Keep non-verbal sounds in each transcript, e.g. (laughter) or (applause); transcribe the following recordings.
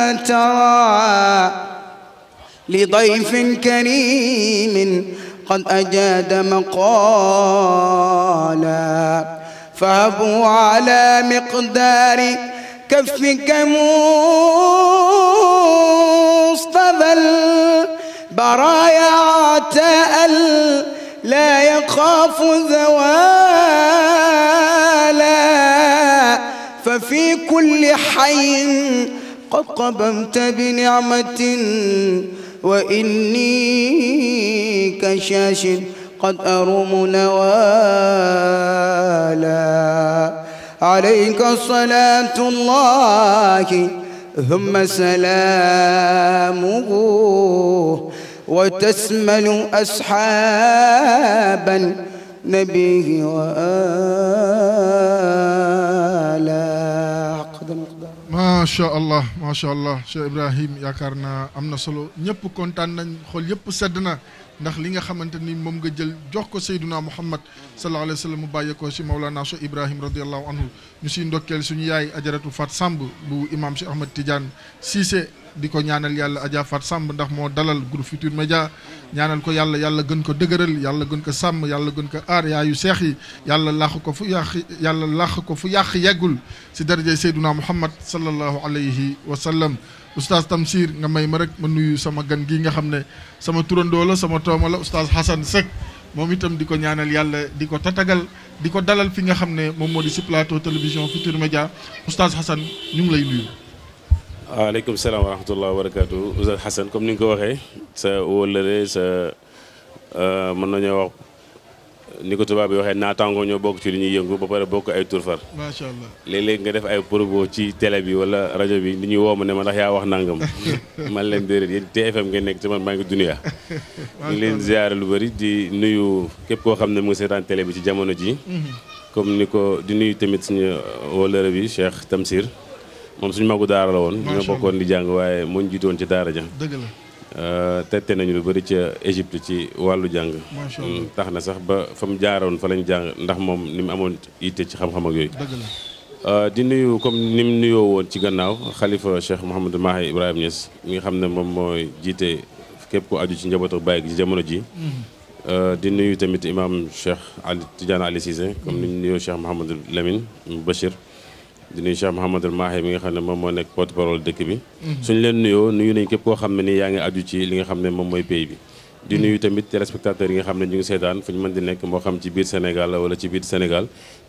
ترى لضيف كريم قد أجاد مقالا فهبوا على مقدار كفك مصطفى البرايا عتاء لا يخاف زوالا ففي كل حي قد قبمت بنعمة وإني كشاش قد أروم نوالا عليك صلاة الله ثم سلامه وتسمل أصحابا نبيه وآله macha allah macha allah Cheikh Ibrahim yaakaar naa am na solo ñëpp kontaan nañ xol yëpp sedd na. ndax li nga xamante ni moom nga jël jox ko sayduna muhammad sallallahu alayhi wa sallam mu bàyyeekoo si Maulana Cheikh Ibrahim radiallahu anhu ñu siy ndokkeel suñu yaay ajaratu Fat Samb bu imam Cheikh Ahmad Tidiane Cissé di ko ñaanal yàlla Adja Fat Samb ndax moo dalal groupe Futur Média ñaanal ko yàlla yàlla gën ko dëgëral yàlla gën ko sàmm yàlla gën ko aar yaayu seex yi yàlla làq ko fu yàq yàlla làq ko fu yàq yeggul si daraje sayduna muhammad sallallahu alayhi wa sallam oustaz Tamsir nga may ma rek ma nuyu sama gan gi nga xam ne sama turandoo la sama tooma la oustaz Hassan Seck moom itam di ko ñaanal yàlla di ko tatagal di ko dalal fi nga xam ne moom moo di si plateau télévision Futurs Médias oustaz Hassan ñu ngi lay nuyu. waaleykum salaam wa rahmatulah wa barakaatu oustaz Hassan comme ni nga ko waxee sa wóllare sa euh, mën nañoo wax. ni ko tubaab yi waxee naataangoo ñoo bokk ci lu ñuy yëngu ba pare bokk ay tur far. macha allah léeg nga def ay propos ci télé bi wala rajo bi li ñuy woo ma ne ma ndax yaa wax nangam (laughs) man leen déedéet yéen TFM nga nekk ci man maa ngi dunya. (laughs) leen ziare lu bari di nuyu képp koo xam ne mu ngi seetaan télé bi ci jamono ji mhm. comme ni ko di nuyu tamit suñu wóllare bi Cheikh Tamsir moom suñu magu daara la woon. ñoo bokkoon di jàng waaye moo ñu jiitoon ci daara ja dëgg la. Euh, tette nañu lu bëri ca Égypte ci wàllu jàng mm, tax na sax ba fa mu jaaroon fa lañu jàng ndax moom ni mu amoon yitte ci xam-xam ak yooyu euh, di nuyu comme ni mu nuyoo woon ci gannaaw xalifa Cheikh Mouhamadou Mahi Ibrahima Niass mi nga xam ne moom mooy jiite képp ko aju ci njabootu Baay gi ci jamono ji mm-hmm. euh, di nuyu tamit imam Cheikh Ali Tidiane Ali Cissé comme ni ñu nuyoo Cheikh Mouhamadou Lamine Bachir di nuyu Cheikh Mouhamadul Mahi mi nga xam ne moom moo nekk porte parole dëkk bi. suñ leen nuyoo nuyu nañ képp koo xam ne ni yaa ngi aju ci li nga xam ne moom mooy pays bi. di nuyu tamit téléspectateurs yi nga xam ne ñu ngi seetaan fu ñu mën di nekk moo xam ci biir Sénégal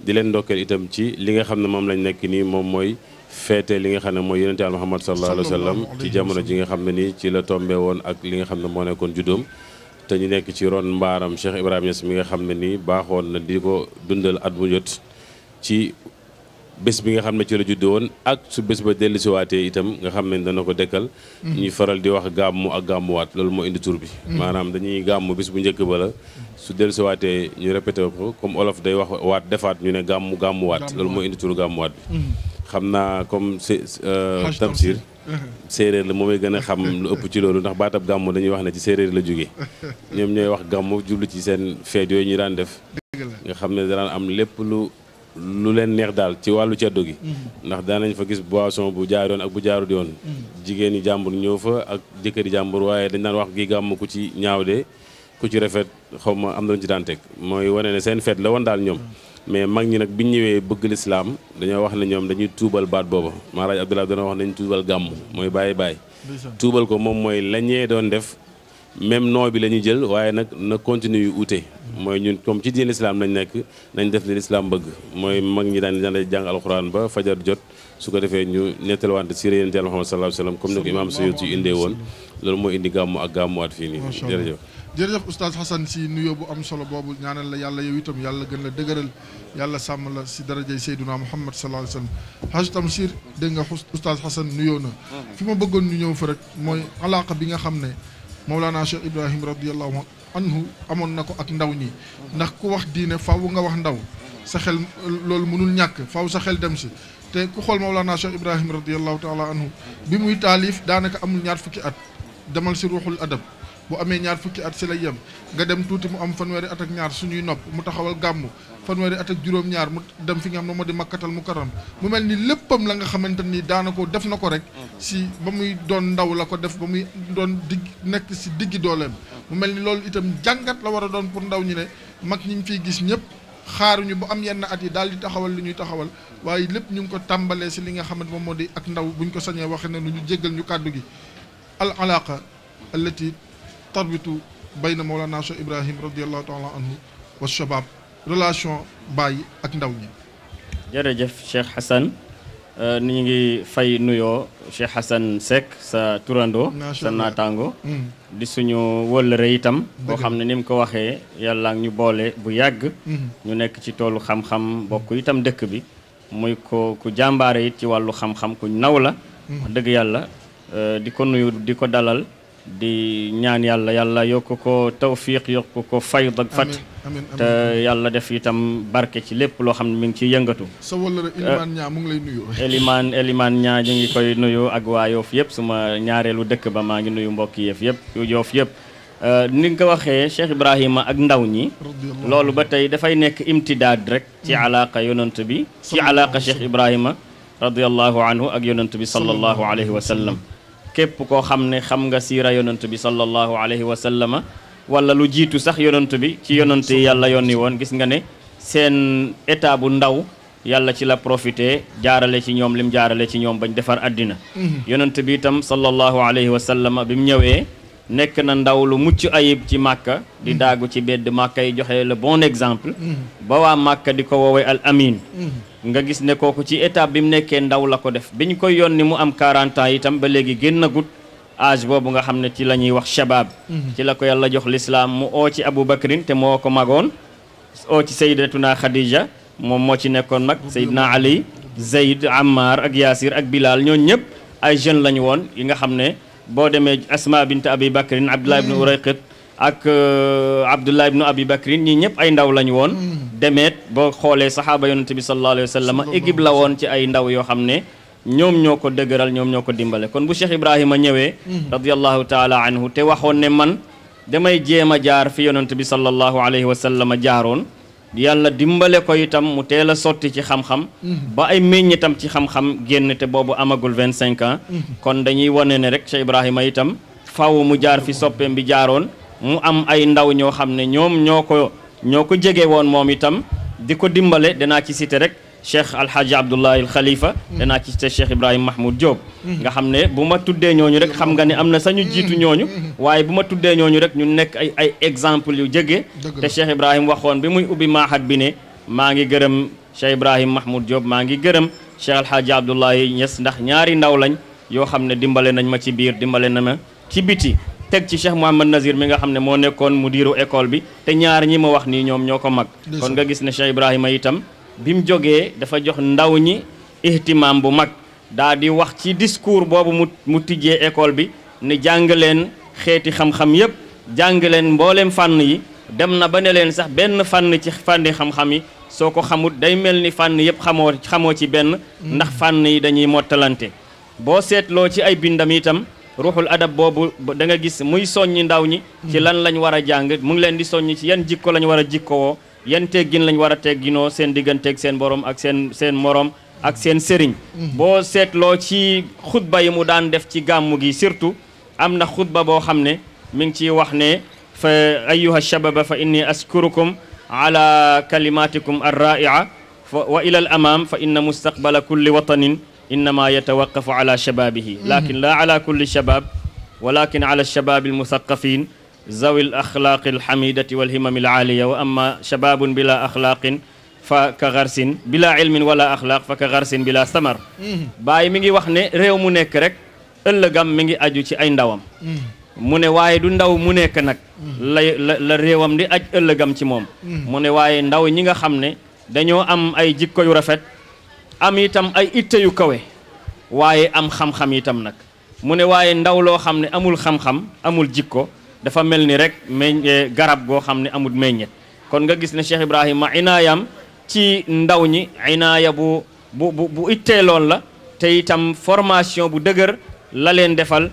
leen ndokkeel itam li nga xam ne moom lañ nekk nii moom mooy feete li nga xam ne mooy yonente al Muhammad sallallahu alayhi wa sallam ci jamono ji nga xam ne nii ci la tombé woon ak li xam ne moo nekkoon juddoom te ñu nekk ci ron mbaaram Cheikh Ibrahima Niass mi nga xam ne nii baaxoon na di ko dundal at bu jot ci bés bi nga xam ne ci la judd woon ak su bés ba dellusiwaatee itam nga xam ne dana ko dekkal mm-hmm. ñuy faral di wax gàmmu ak gàmmuwaat loolu moo indi turu bi mm-hmm. maanaam dañuy gàmmu bés bu njëkk ba la su dellusiwaatee ñu répété ko comme olof day wax waat defaat ñu ne gàmmu gàmmuwaat loolu moo indi tur gàmmuwaat bi mm-hmm. xam naa comme euh, Tamsir uh-huh. séeréer la moomay gën a xam lu ëpp ci loolu ndax baatab gàmmu dañuy wax ne ci séeréer la jóge (laughs) ñoom ñooy wax gàmmu jublu ci seen feet yooyu ñu daan def nga xam ne daan am lépp lu lu leen neex daal ci wàllu ceddo gi mhm. ndax daanañ fa gis boisson bu jaaroon ak bu jaaru di yoon mhm. jigéen yi jàmbur ñëw fa ak jëkkëri jàmbur waaye dañ daan wax gi gàmmu ku ci ñaaw de ku ci rafet xaw ma am nañu ci daan teg mooy wane ne seen feet la woon daal ñoom mhm. mais mag ñi nag bi ñu ñëwee bëgg lislaam dañoo wax ne ñoom dañuy tuubal baat booba maaraaj Abdoulaye dañoo wax nañ tuubal gàmm mooy bàyyi bàyyi tuubal ko moom mooy lañee doon def même nom bi la ñuy jël waaye nag na continue yu uute mooy ñun comme ci diine lislaam lañ nekk nañ def li lislaam bëgg mooy mag ñi daan daan jàng alxuraan ba fajar jot su ko defee ñu nettalwante si réyénte yàlla Muhammad sallallahu alayhi wasallam comme indee woon loolu moo indi gàmmu ak gàmmuwaat fii nii jërëjëf jërëjëf oustaz Hassan si nuyoo bu am solo boobu ñaanal la yàlla yow itam yàlla gën la dëgëral yàlla sàmm la si darajay Seyduna Muhammad sallallahu alayhi wasallam Haj Tamsir dégg nga oustaz Hassan nuyoo na mm-hmm. fi ma bëggoon ñu ñëw fa rek mooy alaqa bi nga xam ne Mawlana Cheikh Ibrahim radiyallahu anhu amoon na ko ak ndaw ñi ndax ku wax diine faw nga wax ndaw sa xel loolu mënul ñàkk faw sa xel dem si te ku xool Mawlana Cheikh Ibrahim radiyallahu taala anhu bi muy taalif daanaka amul ñaar fukki at demal si ruuxul adab bu amee ñaar fukki at si la yem nga dem tuuti mu am fanweeri at ak ñaar suñuy nopp mu taxawal gàmmu fanweeri at ak juróom-ñaar mu dem fi nga am ne moo di makkatal mu karam mu mel ni léppam la nga xamante ni daana def na ko rek si ba muy doon ndaw la ko def ba muy doon digg nekk si diggi dooleem mu mel ni loolu itam jàngat la war a doon pour ndaw ñi ne mag ñi ñu fiy gis ñëpp xaaruñu bu am yenn at yi daal di taxawal li ñuy taxawal waaye lépp ñu ngi ko tàmbalee si li nga xamante moom moo di ak ndaw buñ ko sañee waxe ne lu ñu jéggal ñu kàddu gi al alaqa allati tarbitu bayna Mawlana Cheikh Ibrahim radiallahu taala anhu wa bàyyi ak ndaw ñi jërëjëf Cheikh ni euh, ñu ngi fay nuyoo Cheikh Hassan Seck sa turandoo sa naataango mm. di suñu wëllëre itam boo xam ne ni mu ko waxee yàlla ñu boole bu yàgg mm. ñu nekk ci toolu xam-xam bokk itam dëkk bi muy ko ku jàmbaare it ci wàllu xam-xam ku naw la mm. dëgg yàlla euh, di ko nuyu di ko dalal di ñaan yàlla yàlla yokk ko tawfiq yokk ko fayd ak fat te yàlla def itam barke ci lépp loo xam ne mi ngi ciy yëngatu sa wala eh, Eliman ngi Eliman ñaa ñu ngi koy nuyu ak waa Yoof yëpp suma ñaareelu dëkk ba maa ngi nuyu mbokki yëf yëpp Yoof yëpp eh, ni nga ko waxee Cheikh Ibrahima ak ndaw ñi loolu ba tey dafay nekk imtidaad rek ci mm. alaaqa yonant bi ci alaaqa Cheikh Ibrahima radiallahu anhu ak yonant bi sallallahu alayhi wa sallam képp koo xam ne xam nga siira yonant bi sallallahu alayhi wa sallama wala lu jiitu sax yonant bi ci yonant yi yàlla yónni woon gis nga ne seen état bu ndaw yàlla ci la profité jaarale ci ñoom lim jaarale ci ñoom bañ defar àddina mhm. yonant bi itam sallallahu alayhi wa sallama bi mu ñëwee nekk na ndaw lu mucc ayib ci màkka di mhm. daagu ci bedd màkka yi joxe la bon exemple mhm. ba waa màkka di ko woowee al amin nga gis ne kooku ci étape bi mu nekkee ndaw la ko def bi ñu koy yónni mu am 40 ans itam ba léegi génnagut âge boobu nga xam ne ci la ñuy wax shabaab mhm. ci la ko yàlla jox lislaam mu oo ci abou bakrin te moo ko magoon oo ci saydatuna khadija moom moo ci nekkoon nag saydna ali zayd ammar ak yaasir ak bilal ñooñ ñëpp ay jeunes lañu woon yi nga xam ne boo demee asma bint abi bakrin abdullah ibnu mhm. urayqit ak euh, abdullah ibnu abi bakrin ñi ñëpp ay ndaw lañu woon mhm. demeet boo xoolee saxaaba yonante bi sallallahu alayhi wa sallam équipe la woon ci ay ndaw yoo xam ne ñoom ñoo ko dëgëral ñoom ñoo ko dimbale kon bu Cheikh Ibrahima ñëwee mm. radiallahu taala anhu te waxoon ne man damay jéem a jaar fi yonante bi sallallahu alayhi wa sallam jaaroon yàlla dimbale ko itam mu teel a sotti ci xam-xam mm. ba ay meññitam ci xam-xam génn te boobu amagul vingt cinq ans mm. kon dañuy wane ne rek Cheikh Ibrahima itam faw mu jaar fi soppeem bi jaaroon mu am ay ñoo ko jege woon moom itam di ko dimbale danaa ci cité rek cheikh alhaaji abdoulahi al xalifa danaa ci cité cheikh ibrahima mahmoud Diop. nga xam ne bu ma tuddee ñooñu rek xam nga ne am na sañu jiitu ñooñu waaye bu ma tuddee ñooñu rek ñu nekk ay ay exemple yu jege te cheikh ibrahima waxoon bi muy ubbi maaxat bi ne maa ngi gërëm cheikh ibrahima mahmoud Diop maa ngi gërëm cheikh alhaaji abdoulahi Niass ndax ñaari ndaw lañ yoo xam ne dimbale nañ ma ci biir dimbale na ma ci biti teg ci Cheikh Mouhamad Nazir mi nga xam ne moo nekkoon mu diiru école bi te ñaar ñi ma wax nii ñoom ñoo ko mag kon nga gis ne Cheikh Ibrahima itam bi mu jógee dafa jox ndaw ñi ihtimaam bu mag daa di wax ci discours boobu mu mu tijjee école bi ne jàng leen xeeti xam-xam yépp jàng leen mbooleem fànn yi dem na ba ne leen sax benn fànn ci fànni xam-xam yi soo ko xamut day mel ni fànn yépp xamoo xamoo ci benn mm. ndax fànn yi dañuy mottalante boo seetloo ci ay bindam itam ruuxul adab boobu da nga gis muy soññi ndaw ñi ci lan lañ war a jàng mu ngi leen di soññi ci yan jikko lañ war a jikkowoo yan teggin lañ war a tegginoo seen digganteeg seen borom ak seen seen morom ak seen sëriñ boo seetloo ci xutba yi mu daan def ci gàmmu gi surtout am na xutba boo xam ne mi ngi ciy wax ne fa ayyuha shababa fa inni askurukum ala kalimatikum arraia wa ila al amam fa inna mustaqbala kulli watanin innama yatawaqafu ala shababihi lakin la ala kulli shabab walakin ala shababi almuthaqafin zawi al axlaaqi alxamidati walhimami alaaliya wa ama shababun bila axlaaqin fa ka garsin bila ilmin wala axlaaq fa ka garsin bila samar bàyyi mi ngi wax ne réew mu nekk rek ëllëgam mi ngi aju ci ay ndawam mu ne waaye du ndaw mu nekk nag la la réewam di aj ëllëgam ci moom mu ne waaye ndaw ñi nga xam ne dañoo am ay jikko yu rafet am itam ay itte yu kawe waaye am xam-xam itam nag mu ne waaye ndaw loo xam ne amul xam-xam amul jikko dafa mel ni rek meññ garab goo xam ne amut meññet kon nga gis ne Cheikh Ibrahima inaayam ci ndaw ñi inaaya bu bu bu la te itam formation bu dëgër la leen defal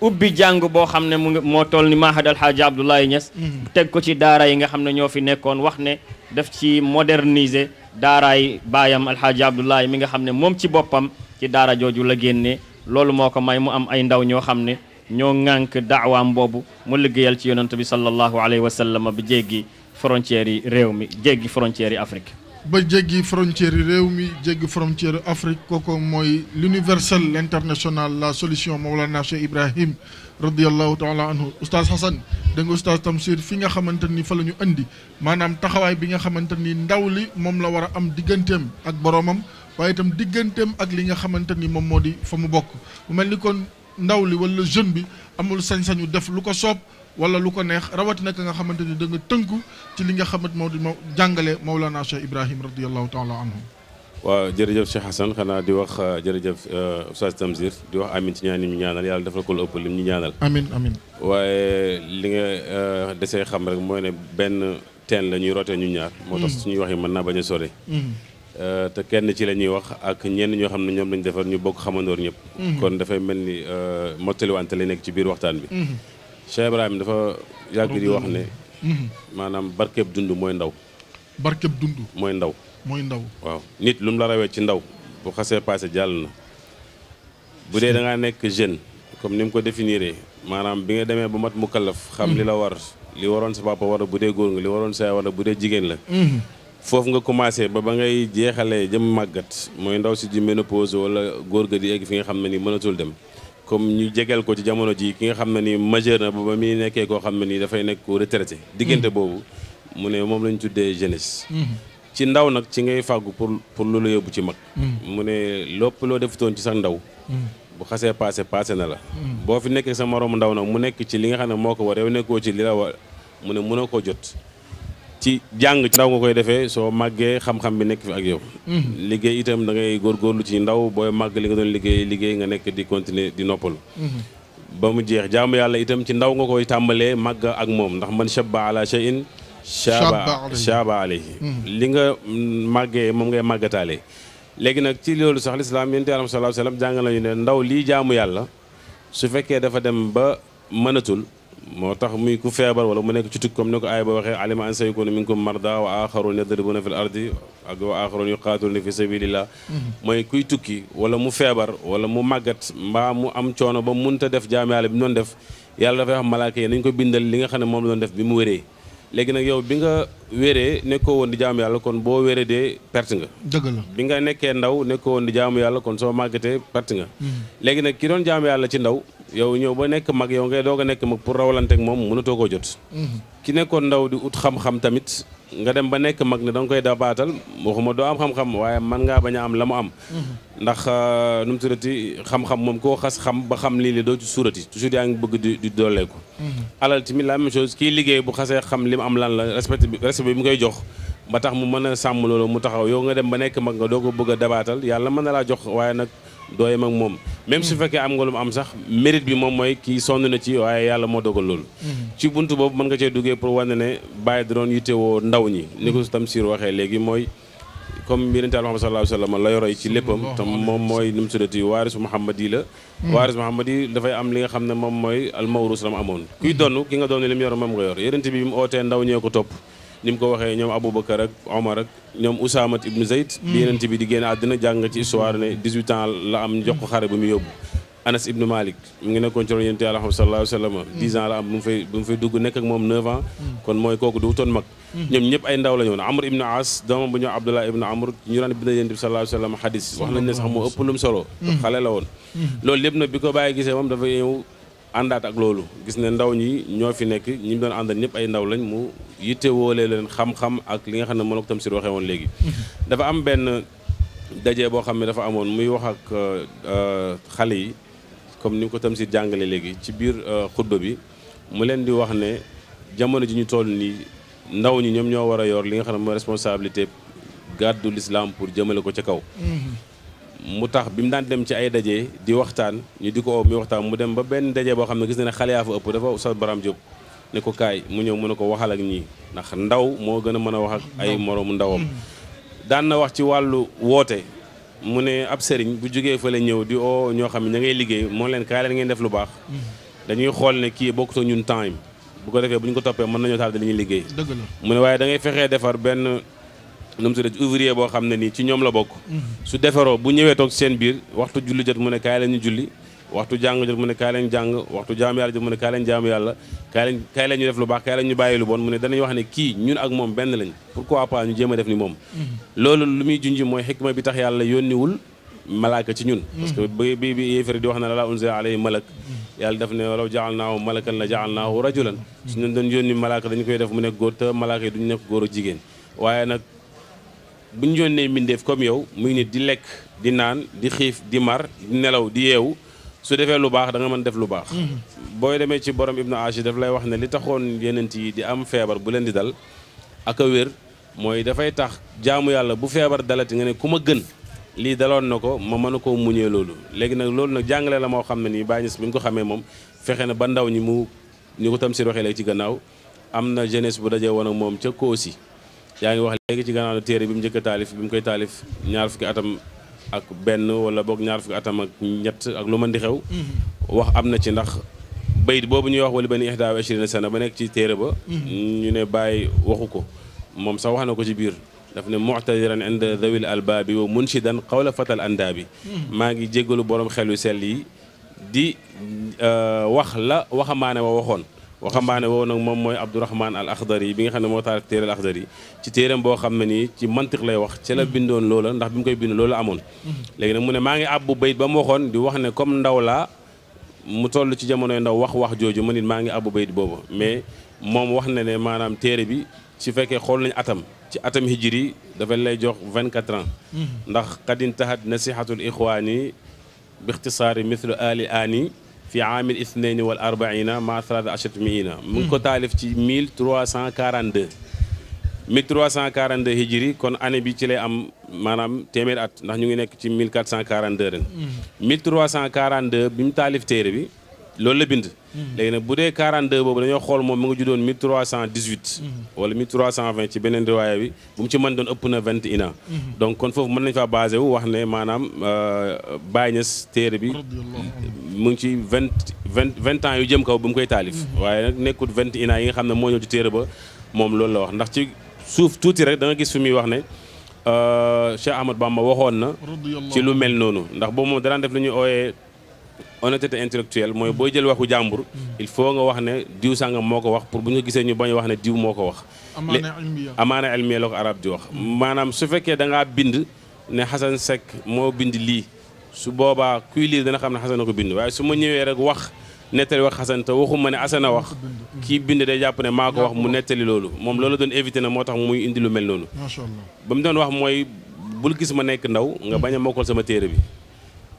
ubbi jàng boo xam ne mu ngi moo toll ni Mahad Alxaaji Abdoulaye Niass mm-hmm. teg ko ci daara yi nga xam ne ñoo fi nekkoon wax ne def ci modernise daaraay baayam alxaaji abdoulaye mi nga xam ne moom ci boppam ci daara jooju la génne loolu moo ko may mu am ay ndaw ñoo xam ne ñoo ŋànk daawaam boobu mu liggéeyal ci yonent bi sallallahu alayhi wa sallam ba jéggi frontières yi réew mi jéggi frontières yi Afrique ba jéggi frontière yi réew mi jéggi frontière Afrique kooku mooy l'universel l'international la solution moom la Mawlana Cheikh Ibrahim radiallahu taala anhu oustaz Hassan da nga oustaz Tamsir fi nga xamante ni fa la ñu andi maanaam taxawaay bi nga xamante ni ndaw li moom la war a am digganteem ak boroomam waaye itam digganteem ak li nga xamante ni moom moo di fa mu bokk mu mel ni kon ndaw li wala jeune bi amul sañ-sañu def lu ko soob wala lu ko neex rawatina ka nga xamante ni da nga tënku ci li nga xamante moo di jàngale Mawlana Cheikh Ibrahim radiallahu taala anhu waaw jërëjëf Cheikh Hassan xanaa di wax euh, jërëjëf euh, Oustaz Tamsir di wax amin ci ñaan yi ñaanal yàlla defal ko lu ëpp lim ñu ñaanal. amin amin waaye li nga euh, dese xam rek mooy ne benn teen la ñuy rootee ñu ñaar. moo tax mm. suñuy wax mën naa bañ a sore. Mm. te kenn ci la ñuy wax ak ñenn ñoo xam ne ñoom lañu defar ñu bokk xamandoor ñëpp. Mm. kon dafay mel ni mottaliwante lay nekk ci biir waxtaan bi. Cheikh Ibrahima dafa yàgg di wax ne. maanaam barkeeb dund mooy ndaw. barkeeb dund mooy ndaw. mooy ndaw waaw nit lu mu la rawee ci ndaw bu xasee passé jàll na bu dee da nekk jeune comme ni mu ko définiree maanaam bi nga demee ba mat mu kallaf xam li la war li waroon sa papa war a bu dee góor nga li waroon sa war a bu dee jigéen la mhm. foofu nga commencé ba ba ngay jeexalee jëm màggat mooy ndaw si di ménopause wala góor ga di egg fi nga xam ne nii mënatul dem comme ñu jegel ko ci jamono ji ki nga xam ne nii majeur na ba ba muy nekkee koo xam ne nii dafay nekk retraité diggante boobu mu ne moom lañ tuddee jeunesse mhm. ci ndaw nag ci ngay fàggu pour pour lu la yóbbu ci mag hmm. mu ne lépp loo defutoon ci sax ndaw hmm. bu xasee passé passé na la hmm. boo fi nekkee sa moroom ndaw nag mu nekk ci li nga xam ne moo ko nekkoo ci li la war mu koo jot ci jàng ci ndaw nga koy defee soo màggee xam-xam bi nekk fi ak yow liggéey itam da ngay góorgóorlu ci ndaw booy màgg li nga doon liggéey liggéey nga nekk di continuer di noppalu ba mu jeex jaamu yàlla itam ci ndaw nga koy tàmbalee màgg ak moom ndax man shabba ala shay'in shaaba shaaba alayhi hmm. li nga màggee moom ngay màggataale léegi nag ci loolu sax lislaam yonent alayhi salaatu wa salaam jàngal nañu ne ndaw lii jaamu yàlla su fekkee dafa dem ba mënatul moo tax muy ku feebar wala mu nekk ci tukki comme ni ko aaya ba waxee alima an sayakunu minkum marda wa axarun yadribuna fil ardi ak wa axarun yuqaatiluna fi sabilillah hmm. mooy kuy tukki wala mu feebar wala mu màggat mbaa mu am coono ba munta def jaamu yàlla bi mu doon def yàlla dafay wax malaaka ko bindal li nga xam ne moom la def bi mu wéree léegi nag yow bi nga wéree nekkoo woon di jaamu yàlla kon boo wéree dee perte nga. dëgg bi nga nekkee ndaw nekkoo woon di jaamu yàlla kon soo màggatee perte nga. Mm-hmm. léegi nag ki doon jaamu yàlla ci ndaw. yow ñëw ba nekk mag yow ngay doog a nekk mag pour rawlante ak moom mënatoo koo jot. Mhm. ki nekkoon ndaw di ut xam-xam tamit nga dem ba nekk mag da nga koy dabaatal waxuma doo am xam-xam waaye a la mu am. Mhm. ndax euh, nu mu tuddati xam-xam moom koo xas ba xam lii li doo ci suurati toujours yaa ngi bëgg di di dooleeku. Mhm. alal tamit la même chose kii liggéey bu xasee xam li mu am lan la respect bi respect bi mu koy jox. a ko bëgg a dabaatal yàlla mën na laa jox waaye nag. doo yem moom même su mm. fekkee am nga lu mu am sax mérite bi moom mooy kii sonn na ci waaye yàlla moo dogal loolu mm-hmm. ci buntu boobu mën nga cee duggee pour wane ne bàyyi da doon yittewoo ndaw ñi ni ko Tamsir waxee léegi mooy comme yenente àl Muhammad sallallahu alayhi wa sallam lay roy ci léppam te moom mooy nu mu tuddati waarisu Muhammad la mm. waaris Muhammad yi dafay am li nga xam ne moom mooy almawrus la amoon kuy mm-hmm. donn ki nga doon ne li mu yor moom nga yor ootee ndaw ñee ko topp ni ko waxee ñoom Aboubacar ak Omar ak ñoom Ousamat ibnu Zayd mm. bi yeneen bi di génn àddina jàng nga ci histoire ne 18 ans la am jox xare bu mu yóbbu Anas ibnu Malik mu ngi nekkoon ci loolu yonent Yàlla wa sallam mm. ans la am bu mu fay dugg nekk moom 9 mm. kon mooy kooku du wutoon mag ñoom ñëpp ay ndaw la ñoon Amr ibnu As doomam bu ñoo Abdullah ibnu Amr ñu daan bind yonent bi sallallahu alayhi xadis wax ne sax moo ëpp lu solo xale la woon àndaat ak loolu gis ne ndaw ñi ñoo fi nekk ñi doon àndal ñëpp ay ndaw lañ mu yitte woolee leen xam-xam ak li nga xam ne moom la ko Tamsir waxee woon léegi mhm. dafa am benn daje boo xam ne dafa amoon muy wax ak euh, xale yi comme ni ko Tamsir jàngale léegi ci biir euh, xutba bi mu leen di wax ne jamono ji ñu tool nii ndaw ñi ñoom ñoo war a yor li nga xam ne mooy responsabilité gàddu l'islam pour jëmale ko ca kaw mhm. mu tax bi mu daan dem ci ay daje di waxtaan ñu di ko oo muy waxtaan mu dem ba benn daje boo xam ne gis na ne xale yaa fa ëpp dafa Oustaz Baram Diop ne ko kaay mu ñëw mu ne ko waxal ak ñii ndax ndaw moo gën a mën a wax ak ay moroomu ndawam hmm. daan na wax ci wàllu woote mu ne ab sëriñ bu jógee fële ñëw di oo ñoo xam ne ña ngay liggéey moo leen kaay leen ngeen def lu baax hmm. dañuy xool ne kii bokkut ak ñun temps bu ko defee bu ñu ko toppee mën nañoo taal di li nu boo xam ne nii ci ñoom la bokk su defaroo bu ñëwee toog seen biir waxtu julli jot mu ne kaay leen ñu julli waxtu jàng jot mu ne kaay leen jàng waxtu jaamu yàlla jot mu ne kaay leen jaamu yàlla kaay leen kaay leen ñu def lu baax kaay leen ñu bàyyi lu bon mu ne danañ wax ne kii ñun ak moom benn lañ pourquoi pas ñu jéem a def ni moom loolu lu muy junj mooy xikma bi tax yàlla yónniwul malaaka ci ñun parce que bi bi bi yéefari di wax ne la unzila alayhi malak yàlla def ne walaw jaal naahu malakan la jaal naahu rajulan su ñu doon yónni malaaka dañu koy def mu nekk góor te malaaka yi duñu nekk góor bu ñu yónnee mbindeef comme yow muy nit di lekk di naan di xiif di mar di nelaw di yeewu su defee lu baax da nga mën def lu baax. Mhm. booy demee ci borom Ibnu Aasi daf lay wax ne li taxoon yeneen yi di am feebar bu leen di dal ak a wér mooy dafay tax jaamu yàlla bu feebar dalati nga ne ku ma gën. lii daloon na ko ma mën a koo muñee loolu léegi nag loolu nag jàngalee la moo xam ne nii Baay Ñas bi ñu ko xamee moom fexe na ba ndaw ñi mu ñu ko tam si waxee léegi ci gannaaw am na jeunesse bu dajee woon ak moom ca Koosi. yaa ngi wax léegi ci gannaaw la téere bi mu njëkk a taalif bi mu koy taalif ñaar fukki atam ak benn wala boog ñaar fukki atam ak ñett ak lu di xew mm-hmm. wax am na ci ndax bayit boobu ñuy wax wali bani ihdaa wa ashrina sana ba nekk ci téere ba mm-hmm. ñu ne bàyyi waxu ko moom sax wax na ko ci biir daf ne muctadiran inda dawil albaabi wa xaw la fatal andaabi mm-hmm. maa ngi jéggalu borom xel yu sell yi di euh, wax la waxamaane wa waxoon waxambaane woowu nag moom mooy Abdourahman al Akhdari bi nga xam ne moo taal téere al Akhdari ci téeram boo xam ne nii ci mantiq lay wax ci la mm-hmm. bindoon loola ndax bi mu koy bind loola amoon mm-hmm. léegi nag mu ne maa ngi àbbu bayit ba mu waxoon di wax ne comme ndaw la mu toll ci jamonoy ndaw wax wax jooju man it maa ngi àbbu bayit boobu mais moom wax na ne maanaam téere bi ci fekkee xool nañu atam ci atam hijri dafa lay jox 24 ans mm-hmm. ndax qad intahat nasihatul ixwaani bi ixtisaari mithlu ali ani fi aamil isnaini wal arbaina ma salaata achat miina mu ngi ko hmm. taalif ci 1342 1342 hijri kon année bi ci lay am maanaam téeméer at ndax ñu ngi nekk ci 1442 ren 1342 hmm. bi mu taalif téere bi loolu la bind. léegi nag bu dee 42 boobu dañoo xool moom mi nga juddoon 1318. wala 1320 ci beneen riwaaya bi bu mu ci mën doon ëpp na 21 ans. donc kon foofu mën nañu faa basé wu wax ne maanaam euh, Baay Ñas téere bi. mu ngi ci 20 20 20 ans yu jëm kaw bu mu koy taalif. waaye nag nekkul 21 ans yi nga xam ne mooy ñëw ci téere ba moom loolu la wax ndax ci suuf tuuti rek danga gis fi muy wax ne. Euh, Cheikh Ahmad Bamba waxoon na. ci lu mel noonu ndax boobu moom danaan def lu ñuy ooyee. honnêteté intellectuelle mooy booy jël waxu jàmbur mm. il faut nga wax ne diw sàngam moo ko wax pour bu ñu gisee ñu bañ wax ne diw moo ko wax amaana elmiya la ko arab di wax mm. maanaam su fekkee dangaa ngaa bind ne Xasan Seck moo bind lii su boobaa kuy lire dana xam ne Xasan na ko bind waaye su ma ñëwee rek wax nettali wax Xasan te waxuma ne Asana wax mm. kii bind day jàpp ne maa ko wax mu nettali loolu moom loolu doon éviter na moo tax muy indi lu mel noonu ba mu doon mooy bul gis ma nekk ndaw nga bañ a mokkal sama téere bi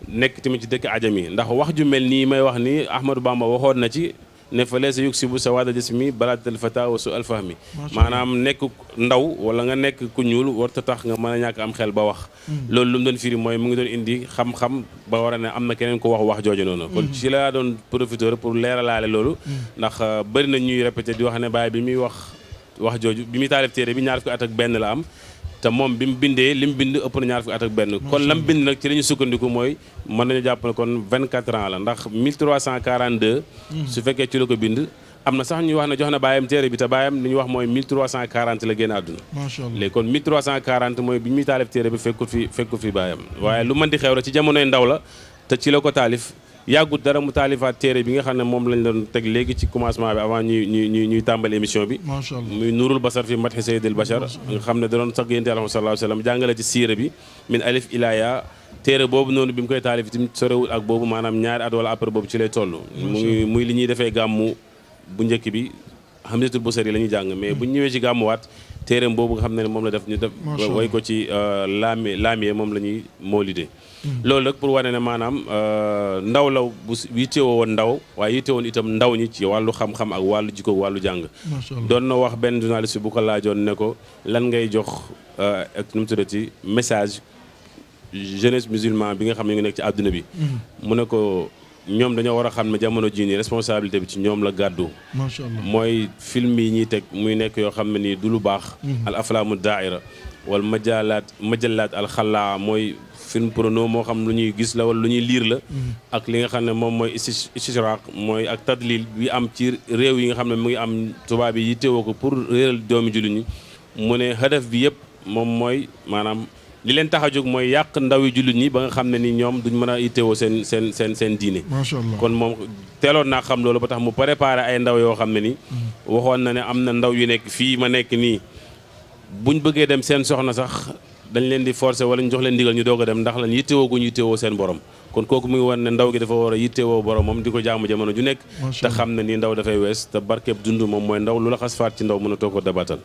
nekk tamit ci dëkk ajam yi ndax wax ju mel nii may wax ni Ahmadou Bamba waxoon na ci ne fa laysa yuksibu sawaada jismi balaadatal fata wa su alfahmi maanaam nekk ndaw wala nga nekk ku ñuul warta tax nga mën a ñàkk am xel ba wax hmm. loolu lu mu doon firi mooy mu ngi doon indi xam-xam ba war a ne am na keneen ko wax wax jooju noonu kon hmm. ci laa doon profiter pour leeralaale loolu hmm. ndax euh, bëri na ñuy répété di wax ne bàyyi bi muy wax wax jooju bi muy taalif bi ñaar fukki benn la am te moom bi mu bindee li mu bind ëpp na ñaar fukki at ak benn mm-hmm. kon lam bind nag ci la ñu sukkandiku mooy mën nañu jàpp ne kon 24 ans la ndax 1342 mm-hmm. su fekkee ci la ko bind am na sax ñuy wax ne jox na baayam téere bi te baayam li ñu wax mooy 1340 la génn àdduna léegi kon 1340 mooy bi muy taalif téere bi fekku fi baayam waaye lu mën xew la ci jamonoy ndaw la te ci la ko taalif yàggut dara mu taalifaat téere bi nga xam ne moom lañ doon teg léegi ci commencement bi avant ñuy ñuy ñuy tàmbali émission bi muy nuurul basar fi matxi sayyidil bachar nga xam ne da doon sax yénte àla sallallahu alayhi wa sallam jàngale ci siira bi min alif ilaya téere boobu noonu bi mu koy taalif itam sorewul ak boobu maanaam ñaari at wala après boobu ci lay toll muy muy li ñuy defee gàmmu bu njëkk bi Hamzatul Busiri la ñuy jàng mais bu ñu ñëwee ci gàmmuwaat téereem boobu nga xam ne moom la def ñu def way ko ci laame euh, laamiye moom la ñuy moolidee loolu nag pour wane ne maanaam euh, ndaw la bu yittewoo woon ndaw waaye yittewoon itam ndaw ñi ci wàllu xam-xam ak wàllu jikko wàllu jàng doon na wax benn journaliste bu ko laajoon ne ko lan ngay jox euh, ak nu mu tuddati message jeunesse musulman bi nga xam ne ñu ngi nekk ci àdduna bi mm-hmm. mu ne ko ñoom dañoo war a xam ne jamono jii nii responsabilité bi ci ñoom la gàddu mooy film yi ñuy teg muy nekk yoo xam ne nii du lu baax mm-hmm. al aflaamu daaira wal majalaat majalaat al xalaa mooy film prono moo xam lu ñuy gis la wala lu ñuy liir la mm-hmm. ak li nga xam ne moom mooy istishraq mooy ak tadlil bi am ci réew yi nga xam ne mu ngi am tubaab yi teewoo ko pour réeral doomi jullit ñi mu ne hadaf bi yëpp moom mooy maanaam li leen tax a jóg mooy yàq ndawi jullit ñi ba nga xam ne ni ñoom duñ mën a itteewoo seen seen seen seen diine kon moom teeloon naa xam loolu ba tax mu préparé ay ndaw yoo xam ne ni mm-hmm. waxoon na ne am na ndaw yu nekk fii ma nekk nii buñ bëggee dem seen soxna sax dañ leen di forcer wala ñu jox leen ndigal ñu doog a dem ndax lañ yittewoo gu ñu yittewoo seen borom kon kooku mu ngi wan ne ndaw gi dafa war a yittewoo borom moom di ko jaamu jamono ju nekk te xam ne ni ndaw dafay wees te barkeb dund moom mooy ndaw lu la xas faat ci ndaw mënatoo ko dabaatal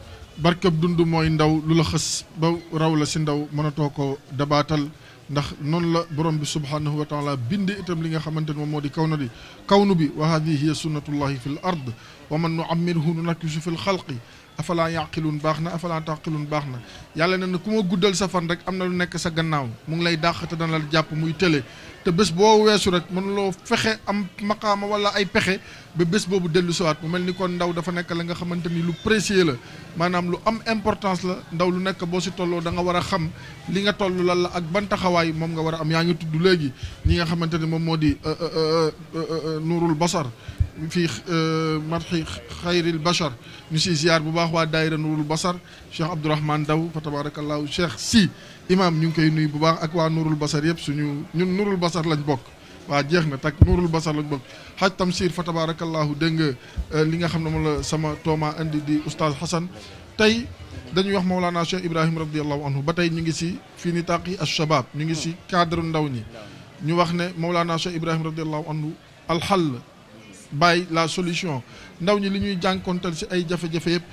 dund mooy ndaw lu la xas ba raw la si ndaw mënatoo ko dabaatal ndax noonu la borom bi subhaanahu wa taala bind itam li nga xamante ne moom moo di kaw na di kawnu bi wa hadihi hiya sunnatullahi fi l ard wa man nuammirhu nunakisu fi l xalqi afalaa yàqilun baax na afalaa tàqilun baax na yàlla ne na ku ma guddal sa fan rek am na lu nekk sa gannaaw mu ngi lay dàq te dana la jàpp muy tële te bés boo weesu rek loo fexe am maqaama wala ay pexe ba bés boobu dellu siwaat mu mel ni kon ndaw dafa nekk la nga xamante ni lu précieux la maanaam lu am importance la ndaw lu nekk boo si tolloo da nga war a xam li nga toll lan la ak ban taxawaay moom nga war a am yaa ngi tudd léegi ñi nga xamante ni moom moo di euh, euh, euh, nuurul basar fii marxi xayril bachar ñu si ziar bu baax waa daayira nuurul basar cheikh abdourahman daw fa tabarakallahu cheikh si imam ñu ngi koy nuyu bu baax ak waa nuurul basar yëpp suñu ñun nuurul basar lañ bokk waa jeex na tak nuurul basar lañ bokk xaj tamsiir fa tabaarakallaahu dégg nga euh, li nga xam ne moom la sama tooma indi di oustaz Hassan tey dañuy wax Mawlana Cheikh Ibrahim radiallahu anhu ba tey ñu ngi si fii ni taqi al shabab ñu ngi si cadre ndaw ñi ñu wax ne Mawlana Cheikh Ibrahim radiallahu anhu alxal bàyyi la solution ndaw ñi li ñuy jànkonteel si ay jafe-jafe yëpp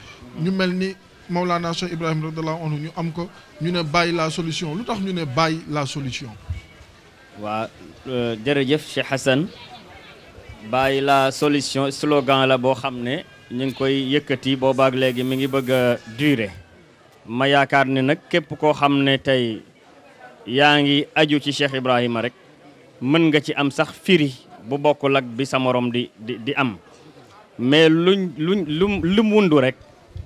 ñu mel ni Mawlana Cheikh Ibrahim radiallahu anhu ñu am ko ñu ne bàyyi la solution lu tax ñu ne bàyyi la solution Euh, jërëjëf Cheikh Hassan bàyyi la solution slogan la boo xam ne ñu ngi koy yëkkati boobaak léegi mi ngi bëgg dure ma yaakaar ne nag képp koo xam ne tey yaa ngi aju ci Cheikh Ibrahima rek mën nga ci am sax firi bu bokk ak bi sa morom di di di am mais luñ luñ lu lu wundu rek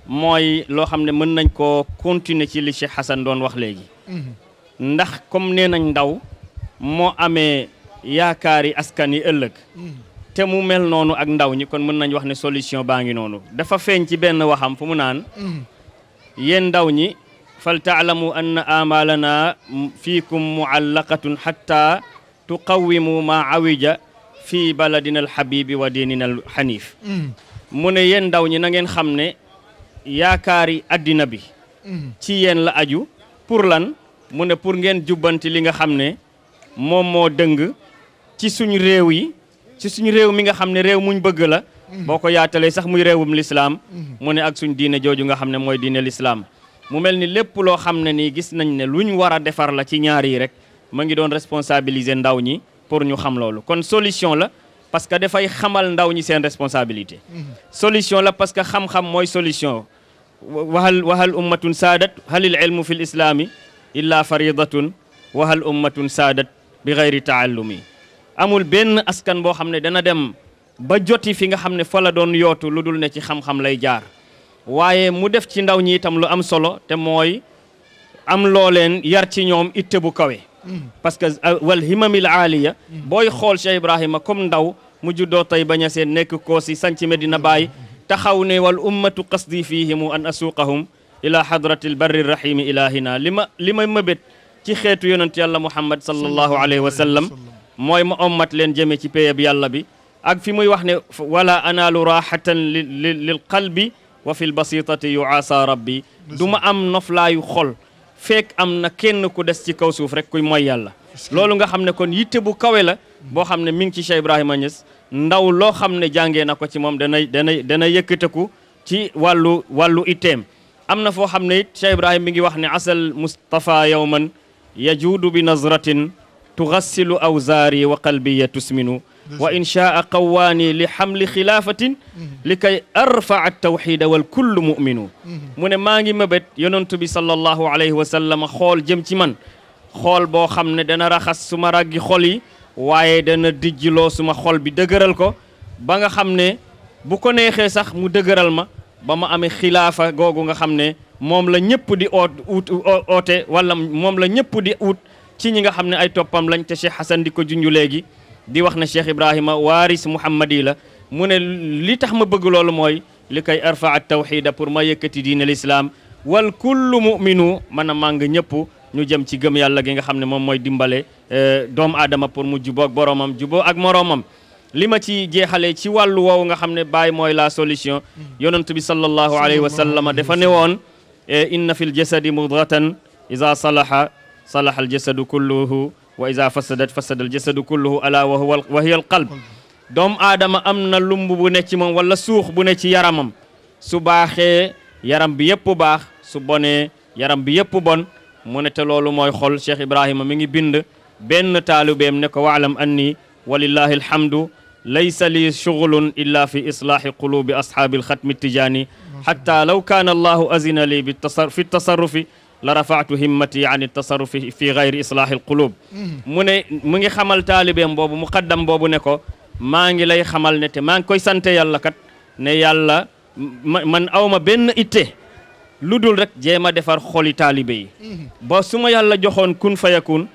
mooy loo xam ne mën nañ koo continuer ci li Cheikh Hassan doon wax léegi mhm. ndax comme nee nañ ndaw moo amee yaakaari askan yi ëllëg te mu mel noonu ak ndaw ñi kon mën nañ wax ne solution baa ngi noonu dafa feeñ ci benn waxam fu mu naan yéen ndaw ñi fal taalamu anna amalana fiikum muallaqatun xatta tuqawimu maa awija fii baladina alxabibi wa diinina alxanif mu ne yéen ndaw ñi nangeen xam ne yaakaari addina bi mm. ci yéen la aju pour lan mu ne pour ngeen jubbanti li nga xam ne moom moo dëng ci suñu réew yi ci suñu réew mi nga xam ne réew muñ bëgg la boo ko yaatalee sax muy réewum lislaam mu ne ak suñ diine jooju nga xam ne mooy diine lislaam mu mel ni lépp loo xam ne nii gis nañ ne luñ war a defar la ci ñaar yi rek ma ngi doon responsabiliser ndaw ñi pour ñu xam loolu kon solution la parce que dafay xamal ndaw ñi seen responsabilité solution la parce que xam-xam mooy solution wahal wahal ummatun saadat halil ilmu fi l islaami illa faridatun bi xayri taallumi amul benn askan boo xam ne dana dem ba joti fi nga xam ne fa doon yootu lu dul ne ci xam-xam lay jaar waaye mu def ci ndaw ñi itam lu am solo te mooy am loo leen yar ci ñoom itte bu kawe parce que euh, wal himamil aaliya booy xool Cheikh Ibrahima comme ndaw mu juddoo tey bañ a seen nekk koo si sanc Medina Baay taxaw ne wal ummatu qasdi fihimu an asuuqahum ila hadratil barri rahimi ilahina li ma li ci xeetu yonent yàlla muhammad sallallahu alayhi wa sallam mooy mu ommat leen jëme ci péyeb yàlla bi ak fi muy wax ne wala anaalu raahatan li lil qalbi wa fi lbasitati yuaasa rabbi du ma am noflaayu xol fek am na kenn ku des ci kaw suuf rek kuy mooy yàlla loolu nga xam ne kon yitte bu kawe la boo xam ne mi ngi ci Cheikh Ibrahima Niass ndaw loo xam ne jàngee na ko ci moom danay danay dana yëkkateku ci wàllu wàllu itteem am na foo xam ne it Cheikh Ibrahima mi wax ne asal Mustafa yawman yajuudu bi nazratin tugassilu awzaari wa qalbiya tusminu wa inchaa qawaani li xamli xilaafatin mhm. li kay arfaa tawxida wal kullu muminu mhm. mu ne maa ngi mébét yonentu bi sallallahu alayhi wa sallam xool jëm ci man xool boo xam ne dana raxas suma raggi xol yi waaye dana dijjiloo suma xol bi dëgëral ko ba nga xam ne bu ko neexee sax mu dëgëral ma ba ma amee xilaafa googu nga xam ne moom la ñëpp di oot ut oote wala moom la ñëpp di ut ci ñi nga xam ne ay toppam lañ te Cheikh Xasan di ko junju léegi di wax ne Cheikh Ibrahima waaris muhammadi la mu ne li tax ma bëgg loolu mooy li koy arfaa tawxida pour ma yëkkati diin al islaam wal kullu muminu mën a màng ñëpp ñu jëm ci gëm yàlla gi nga xam ne moom mooy dimbale eh, doomu aadama pour mu juboo ak boroomam juboo ak moroomam li ma ci jeexalee ci wàllu woowu nga xam ne Baay mooy la solution hmm. yonentu bi sallallahu alayhi wa sallam dafa woon Eh, inna fi ljasadi mudratan ida salaha salaha aljasadu kulluhu wa ida fasadat fasada aljasadu kulluhu ala wa huwa wa hiya alqalb doomu aadama am na lumb bu ne ci moom wala suux bu ne ci yaramam su baaxee yaram bi yëpp baax su bonee yaram bi yëpp bon mu ne te loolu mooy xol Cheikh Ibrahima mi ngi bind benn taalubeem ne ko waalam anni walillahi alhamdu laysa li shughulun illa fi islaahi quluubi ashaabi alxatmi tijaani xatta law kaana allahu azina li fi tasarrufi la rafaatu himmati an tasarrufi fi gayri islaahi alquluub mu ne mu ngi xamal mboobu mu muqaddam boobu ne ko maa ngi lay xamal ne te maa ngi koy sante yàlla kat ne yàlla man awma benn itte lu dul rek jéem a defar xoli taalibe ba su ma yàlla joxoon kun fayakun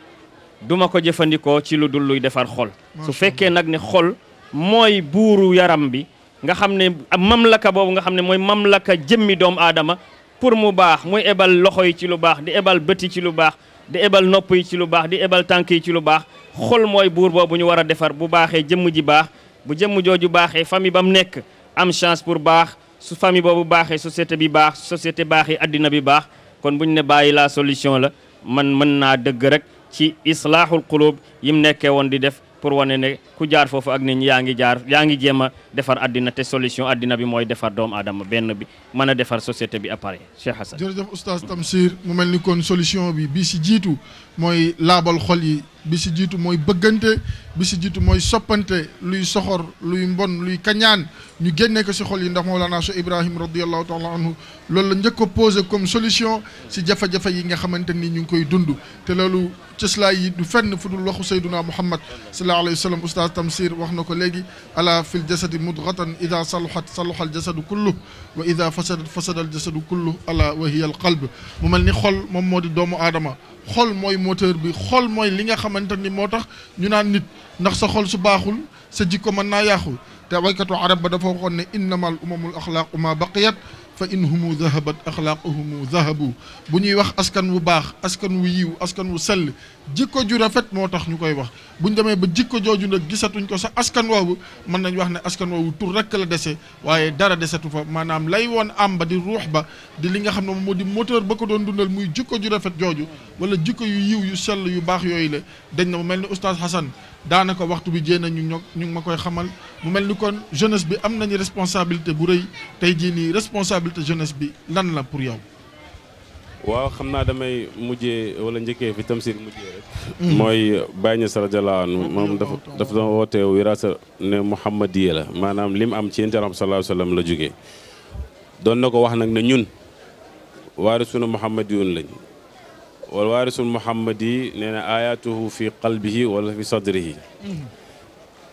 duma ko jëfandikoo ci lu dul luy defar xol su fekkee nag ne xol mooy buuru yaram bi nga xam ne mamlaka boobu nga xam ne mooy mamlaka jëmmi doomu aadama pour mu baax muy ebal loxo yi ci lu baax di ebal bët yi ci lu baax di ebal nopp yi ci lu baax di ebal tànk yi ci lu baax xool mooy buur boobu ñu war a defar bu baaxee jëmm ji baax bu jëmm jooju baaxee famille ba mu nekk am chance pour baax su famille boobu baaxee société bi baax société baaxee addina bi baax kon bu ne bàyyi la solution la man mën naa dëgg rek ci islaahul qulub yim nekkee woon di def pour wane ne ku jaar foofu ak nit ñi yaa ngi jaar yaa ngi jéem a defar addina te solution àddina bi mooy defar doom aadama benn bi mën a defar société bi appareil Cheikh Hassan. jërëjëf oustaz Tamsir mu mel ni kon solution bi bi si jiitu mooy laabal xol yi bi si jiitu mooy bëggante. bi si jiitu mooy soppante luy soxor luy mbon luy kañaan ñu génne ko si xol yi ndax Mawlana Cheikh Ibrahim radiyallahu taala anhu loolu la njëkk posé comme solution si jafe-jafe yi nga xamante ni ñu ngi koy dund te loolu cëslaay yi du fenn fu dul waxu sayduna Muhammad sallallahu alayhi wa sallam oustaz Tamsir wax na ko léegi ala fil jasadi mudghatan ida saluhat saluha al jasadu kullu wa ida fasadat fasada al jasadu kullu ala wa hiya al qalb mu mel ni xol moom moo di doomu aadama xol mooy moteur bi xol mooy li nga xamante ni moo tax ñu naan nit ndax sa xol su baaxul sa jikko mën naa yàqu te waykatu arab ba dafa waxoon ne innamal umamul axlaaqu ma baqiyat fa in humu zahabat axlaaquhumu zahabu bu ñuy wax askan wu baax askan wu yiw askan wu sell jikko ju rafet moo tax ñu koy wax bu ñu demee ba jikko jooju nag gisatuñ ko sa askan woowu mën nañu wax ne askan woowu tur rekk la dese waaye dara desetu fa maanaam lay woon am ba di ruux ba di li nga xam ne moom moo di moteur ba ko doon dundal muy jikko ju rafet jooju wala jikko yu yiw yu sell yu baax yooyu la dañ na mel ni oustaz Hassan daanaka waxtu bi jéem ñu ño ñu ma koy xamal mu mel ni kon jeunesse bi am nañu responsabilité bu rëy tey jii nii responsabilité jeunesse bi lan la pour yow. waaw xam naa damay mujjee wala njëkkee fi Tamsir mujjee rek. Hmm. mooy bàyyi sa rajallahu anhu moom dafa dafa doon woote wiraasa ne Muhammadiya la maanaam lim am ci internet sallallahu alayhi wa la jóge doon na ko wax nag ne ñun waaye sunu Muhammadiyun lañu wal waarisul muhammadi nee na ayatuhu fi qalbihi wala fi sadrihi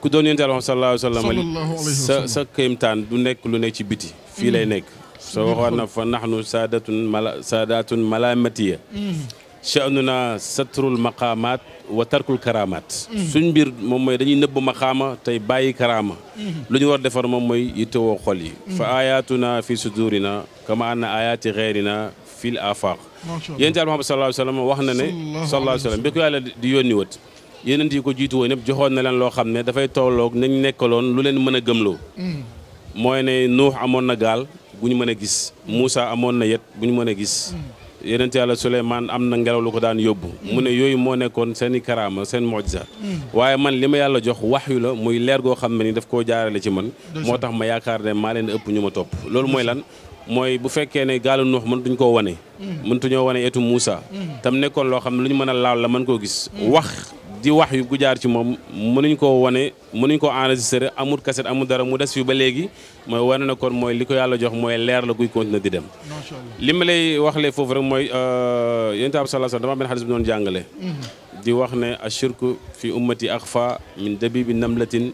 ku doon yonent Yàlla sallallahu alayhi wa sallam sa sa kéemtaan du nekk lu nekk ci biti fii lay mm. nekk soo waxoon na fa nahnu saadatun mala saadatun malamatiya mm. sha'nuna satrul maqaamaat wa tarkul karaamaat mm. suñ mbir moom mooy dañuy nëbb maqaama tey bàyyi karaama lu ñu war defar moom mooy yittewoo xol yi fa ayatuna fi sudurina kama anna ayati ghayrina fil afaq yéen ci Muhammad sallallahu alayhi wa sallam wax na ne sallallahu alayhi wa sallam bi ko yàlla di yónni wat yeneen yi ko jiitu woon yëpp joxoon na leen loo xam ne dafay tolloog nañ nekkaloon lu leen mën a gëmloo mm. mooy ne Nuux amoon na gaal bu ñu mën a gis Moussa amoon na yet bu ñu mën a gis mm. yeneen yàlla Souleymane am na ngelaw lu ko daan yóbbu mm. mu ne yooyu moo nekkoon seen i karaama seen mojza waaye man li ma yàlla jox waxyu la muy leer goo xam ne ni daf koo jaarale ci man ma yaakaar ne maa leen ëpp ñu ma mooy bu fekkee ne gaalu noox mëntuñ ko wane. mëntuñoo wane etu Moussa. tam nekkoon loo xam ne lu ñu mën a laal la mën koo gis. wax di wax yu gu jaar ci moom mënuñ koo wane mënuñ koo enregistré amut kaset amut dara mu des fi ba léegi mooy wane na kon mooy li ko yàlla jox mooy leer la guy continuer di dem. li ma lay waxlee foofu rek mooy euh, yonent bi sallallahu alayhi wasallam dama benn xadis bi doon jàngale. Mhm. di wax ne ashirku fi ummati akhfa min dabibi namlatin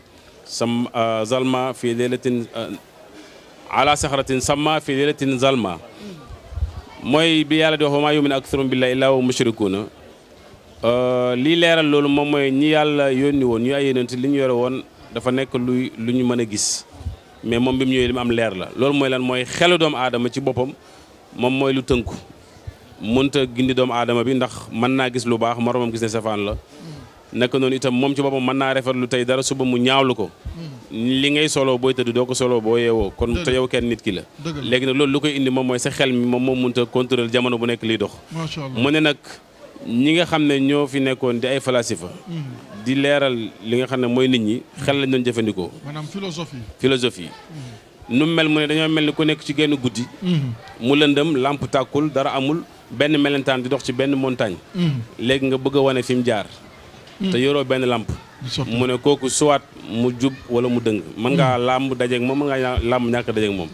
sam euh, zalma fi euh, ala saxaratin samma fi leylatin zalma mooy bi yàlla di wax wa maa yu'minu aktharuhum billahi illaa wa mushrikuuna euh, lii leeral loolu moom mooy ñi yàlla yónni woon ñu ay yónent li ñu yore woon dafa nekk luy lu ñu mën a gis mais moom bi mu ñëwee li am leer la loolu mooy lan mooy xelu doomu aadama ci boppam moom mooy lu tënku mënta gindi doomu aadama bi ndax mën naa gis lu baax moromam gis ne safaan la naka noonu itam moom ci boppam mën naa rafetlu tey dara suba mu ñaawlu ko hmm. li ngay soloo booy tëdd doo ko soloo boo yeewoo kon te yow kenn nit ki la léegi nag loolu lu koy indi moom mooy sa xel mi moom moom mënut a jamono bu nekk liy dox mu ne nag ñi nga xam ne ñoo fi nekkoon di ay falasifa hmm. di leeral li nga xam ne mooy nit ñi xel lañ doon jëfandikoo maanaam philosophie philosophie hmm. nu mel mu ne dañoo mel ni ku nekk ci genn guddi mu lëndëm lamp tàkkul dara amul benn melentaan di dox ci benn montagne léegi nga bëgg a wane fi mu jaar Mm. te yoroo benn làmp mu ne kooku soit mu jub wala mu dëng man ngaa mm. làmb dajeeg moom mën ngaa làmb ñàkk dajeeg moom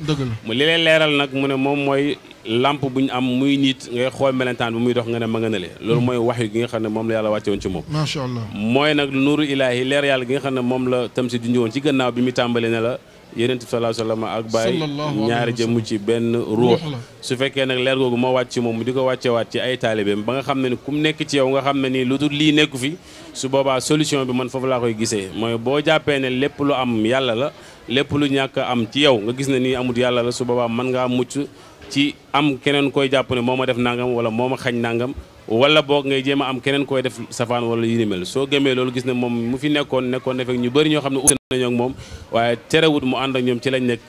mu li leen leeral nag mu ne moom mooy làmp bu ñu am muy nit ngay xool melentaan bi muy dox nga ne ma nga nale loolu mm. mooy wax yu gi nga xam ne moom la yàlla wàcce woon ci moom macha allah mooy nag nuuru ilaahi leer yàlla gi nga xam ne moom la tam si junj woon ci gannaaw bi mu tàmbali ne la yeneen bi sallallahu alayhi wasallam ak bàyyi ñaari jëmm ci benn ruux su fekkee nag leer googu moo wàcc ci moom mu di ko wàccewaat ci ay taalibeem ba nga xam ne ni ku nekk yow nga xam ne nii lu lii nekku fi su boobaa solution bi man foofu laa koy gisee mooy boo jàppee ne lépp lu am yàlla la lépp lu ñàkk am ci yow nga gis ne nii amut yàlla la su boobaa nga ngaa mucc ci am keneen koy jàpp ne moo ma def nangam wala moo ma xañ nangam wala boog ngay jéem a am keneen koy def safaan wala yu ni mel soo gëmee loolu gis ne moom mu fi nekkoon nekkoon defek ñu bëri ñoo xam ne uute nañoo moom waaye terewut mu ànd ak ñoom ci lañ nekk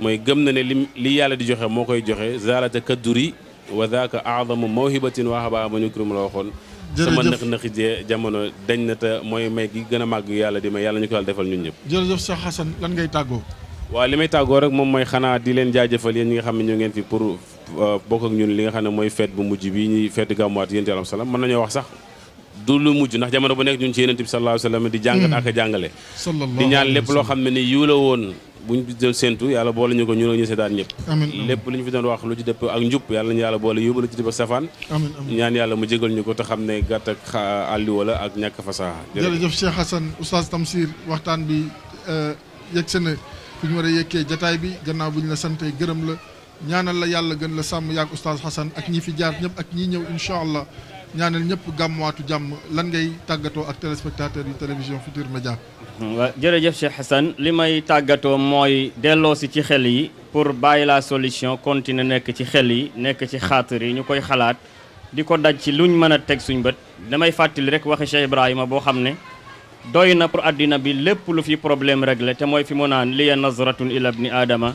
mooy gëm na ne li li yàlla di joxe moo koy joxe zalata kadduri wa zaaka aadamu mawhibatin waaxabaa ma ñu kurum la waxoon sama nëx nëxi jamono dañ na te mooy may gi gën a màgg yàlla di may yàlla ñu ko yàlla defal ñun ñëpp jërëjëf Cheikh Hassane lan ngay tàggoo waaw li may tàggoo rek moom mooy xanaa di leen jaajëfal yéen ñi nga xam ne ñu ngeen fi pour euh, bokk ñun li nga xam ne mooy fête bu mujj bi ñuy fête gàmmuwaat yéen ti alam salaam mën nañoo wax sax du lu mujj ndax jamono bu nekk ñun ci yonent bi sallallahu alayhi wa sallam di jàngat ak a jàngale di ñaan lépp loo xam ne ni yiw la woon buñ doon séentu yàlla boole ñu ko ñu ñu seetaan ñëpp lépp lu ñu fi doon wax lu ci dëpp ak njub yàlla ñu yàlla boole yóbbu lu ci dëpp ak safaan ñaan yàlla mu jégal ñu ko te xam ne gàtt ak àlli wala ak ñàkk fasaha jërëjëf Cheikh Hassan Oustaz Tamsir waxtaan bi euh, yegg se na fu ñu war a yekkee jataay bi gannaaw bu ñu la sante gërëm la ñaanal la yàlla gën la sàmm yaag Oustaz Hassan ak ñi fi jaar ñëpp ak ñi ñëw incha allah ñaanal ñëpp gàmmuwaatu jàmm lan ngay tàggatoo ak téléspectateur yu télévision Futur Média. waaw jërëjëf Cheikh Hassan li may tàggatoo mooy delloo si ci xel yi pour bàyyi la solution continuer nekk ci xel yi nekk ci xaatir yi ñu koy xalaat di ko daj ci luñ mën a teg suñ bët damay fàttali rek waxi Cheikh Ibrahima boo xam ne doy na pour àddina bi lépp lu fi problème réglé te mooy fi mu naan liya nazratun ila ibni aadama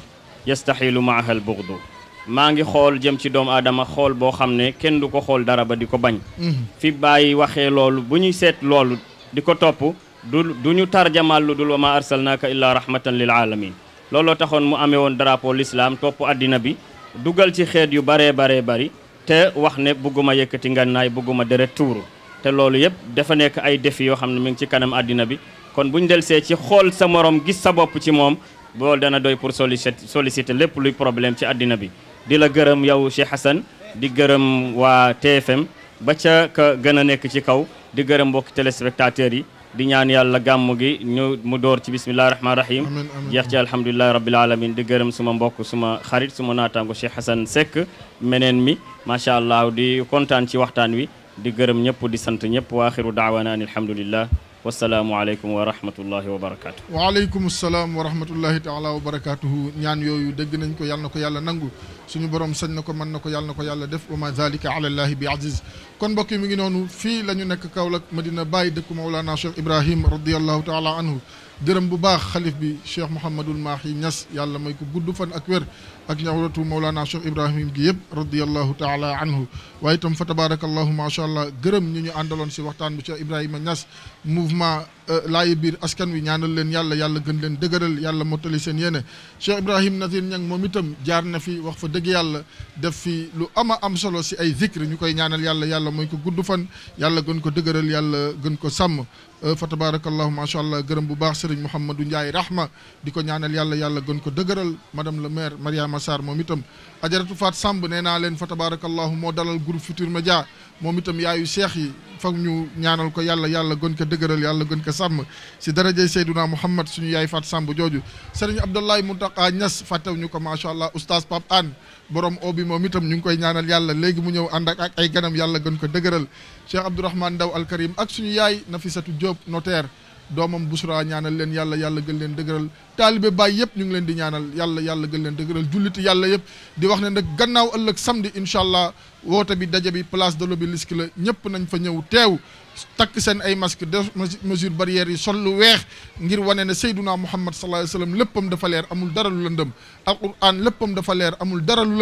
yastaxilu maaha al bugdu maa ngi xool jëm ci doomu aadama xool boo xam ne kenn du ko xool dara ba di ko bañ mhm. fi bàyyi waxee loolu bu ñuy seet loolu di ko topp du du ñu tarjamaal lu dul wa ma arsalnaaka illaa rahmatan lil alamin looloo taxoon mu amee woon drapeau lislaam topp àddina bi dugal ci xeet yu baree baree bari te wax ne bugguma yëkkati ngannaay bugguma deret tuuru te loolu yëpp dafa nekk ay défi yoo xam ne mi ngi ci kanam àddina bi kon bu ñu delsee ci xool sa moroom gis sa bopp ci moom loolu dana doy pour solliciter lépp luy problème ci àddina bi di la gërëm yow Cheikh Hassan di gërëm waa TFM ba ca ka gën a nekk ci kaw di gërëm mbokki téléspectateurs yi di ñaan yàlla gàmm gi ñu mu door ci bisimillahi rahmaani rahim jeex ci alhamdulilahi rabbil alamin di gërëm suma mbokk suma xarit suma naataango Cheikh Hassan Seck meneen mi macha allah di kontaan ci waxtaan wi di gërëm ñëpp di sant ñëpp waaxiru daawaana an alhamdulillah wasalaamualeykum wa rahmatullahi wa barakaatu. waaleykum salaam wa rahmatullahi taala wa barakaatuhu ñaan yooyu dégg nañ ko yàlla na ko yàlla nangu suñu borom sañ na ko mën na ko yàlla na ko yàlla def wa ma zalika ala llahi bi aziz kon mbokk yi mi ngi noonu fii la ñu nekk Kaolack Medina Baye dëkk Mawlana Cheikh Ibrahim radiallahu taala anhu gërëm bu baax xalif bi Cheikh Mouhamadul Mahi Niass yàlla may ko gudd fan ak wér ak ñawratu Mawlana Cheikh Ibrahim gi yëpp taala anhu waaye fa tabaarakallahu macha allah gërëm ñu ñu àndaloon si waxtaan bi Cheikh Ibrahima Niass mouvement euh, laayi biir askan wi ñaanal leen yàlla yàlla gën leen dëgëral yàlla mottali seen yéene Cheikh Ibrahim Nazir Niang moom itam jaar na fi wax fa dëgg fi lu ama am si ay zikr ñu koy ñaanal yàlla yàlla mooy ko gudd fan yàlla gën ko dëgëral yàlla gën ko sàmm euh, fa tabaarakallahu macha allah gërëm bu baax Serigne Mouhamadou Ndiaye rahma di ko ñaanal yàlla yàlla gën ko dëgëral madame le maire Mariama Sarr moom itam ajaratu Faat Samb nee naa leen fa tabaarakallahu moo dalal groupe Futur Media moom itam yaayu seex yi foog ñu ñaanal ko yàlla yàlla gën ko dëgëral yàlla gën ko sàmm si darajay Seyduna Muhammad suñu yaay Faat Samb jooju sëriñ Abdoulaye Mountakha Niass fàttew ñu ko macha allah oustaz Pape Anne borom oo bi moom itam ñu ngi koy ñaanal yàlla léegi mu ñëw ànd ak ay ganam yàlla gën ko dëgëral Cheikh Abdourahmane Ndaw Al Karim ak suñu yaay Nafisatu Diop notaire doomam Busra ñaanal leen yàlla yàlla gën leen dëgëral taalibe Baay yëpp ñu ngi leen di ñaanal yàlla yàlla gën leen dëgëral julliti yàlla yëpp di wax ne nag gannaaw ëllëg samedi incha allah woote bi daje bi place de l'Obélisque la ñëpp nañ fa ñëw teew takk seen ay masque def mesure barrières yi sol lu weex ngir wane ne Seyduna Muhammad sallallahu alayhi wa sallam léppam dafa leer amul dara lu lëndëm alquran léppam dafa leer amul dara lu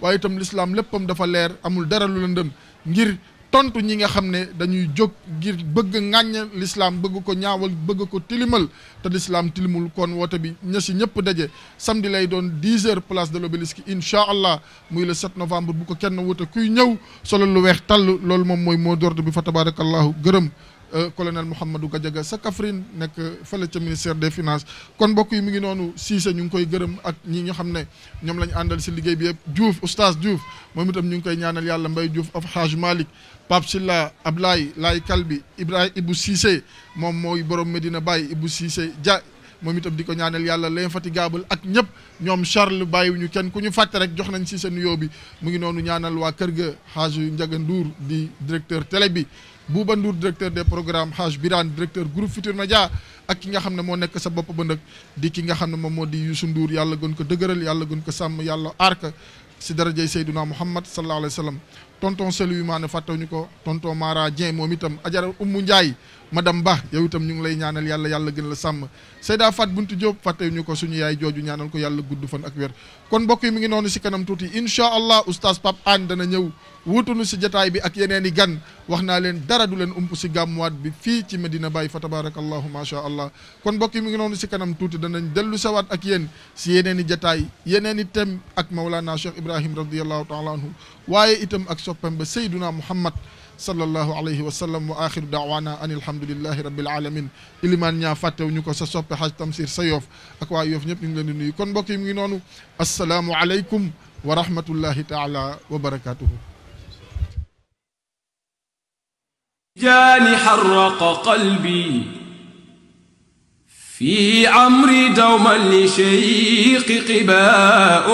waaye itam lislaam léppam dafa leer amul dara lu lëndëm ngir tontu ñi nga xam ne dañuy jóg ngir bëgg ŋàññ lislaam bëgg ko ñaawal bëgg ko tilimal te lislaam tilimul kon woote bi ña si ñëpp daje samedi lay doon 10 heures place de l'obélisque incha allah muy le 7 novembre bu ko kenn wute kuy ñëw solo lu weex tàll loolu moom mooy moo dord bi fa tabarakallahu gërëm Euh, colonel Mouhamadou Gadiaga sa Kaffrine nekk fële ca ministère des finances kon mbokk yi mu ngi noonu Cissé ñu ngi koy gërëm ak ñi nga xam ne ñoom lañ àndal si liggéey bi yëpp Diouf oustaz moom itam ñu ngi koy ñaanal yàlla mbay Diouf af Haj Malick Pape Silla Ablaye Laay Kalbi Ibrahima Ibou Cissé moom mooy borom Medina Baye Ibou Cissé Dia moom itam di ko ñaanal yàlla fatigable ak ñëpp ñoom Charles bàyyiwuñu kenn ku ñu fàtte rek jox nañ si sa nuyoo bi mu ngi noonu ñaanal waa kër ga xaaju Njaga Nduur di directeur télé bi Bouba Ndour directeur des programmes Haj Birane directeur groupe Futur Media ak ki nga xam ne moo nekk sa bopp ba nag di ki nga xam ne moom moo di Youssou Ndour yàlla gën ko dëgëral yàlla gën ko sàmm yàlla aar ko si darajay Seyduna Muhammad sallallahu alayhi wa sallam tonton Saliou Mané fàttewuñu ko tonton Mara Dieng moom itam Adjara Oumou Ndiaye madame Ba yow itam ñu ngi lay ñaanal yàlla yàlla gën la sàmm Seyda Fat Buntu Diop fàttewuñu ko suñu yaay jooju ñaanal ko yàlla gudd fan ak wér kon mbokk yi mi ngi noonu si kanam tuuti incha allah oustaz Pape Hann dana ñëw wuutunu si jataay ak yeneen i gan wax naa leen dara leen ump si gàmmuwaat bi fii ci Medina Baye fa tabarakallahu macha allah kon mbokk yi mi ngi noonu si kanam tuuti danañ dellu sawaat ak yéen si yeneen i jataay yeneen i tem ak Maulana Cheikh Ibrahim radiallahu taala anhu waaye itam ak soppam ba sayduna muhammad sallallahu alayhi wa sallam wa axiru daawaana an alhamdulillahi rabbil alamin ilimaan ñaa fàttew ñu ko sa soppe xaj tamsir sa yoof ak waa yoof ñëpp ñu ngi leen di nuyu kon mbokk yi mu ngi noonu asalaamu aleykum wa rahmatullahi taala wa barakatuhu jaani xarraqa qalbi fi amri dawman li sheyqi qibaa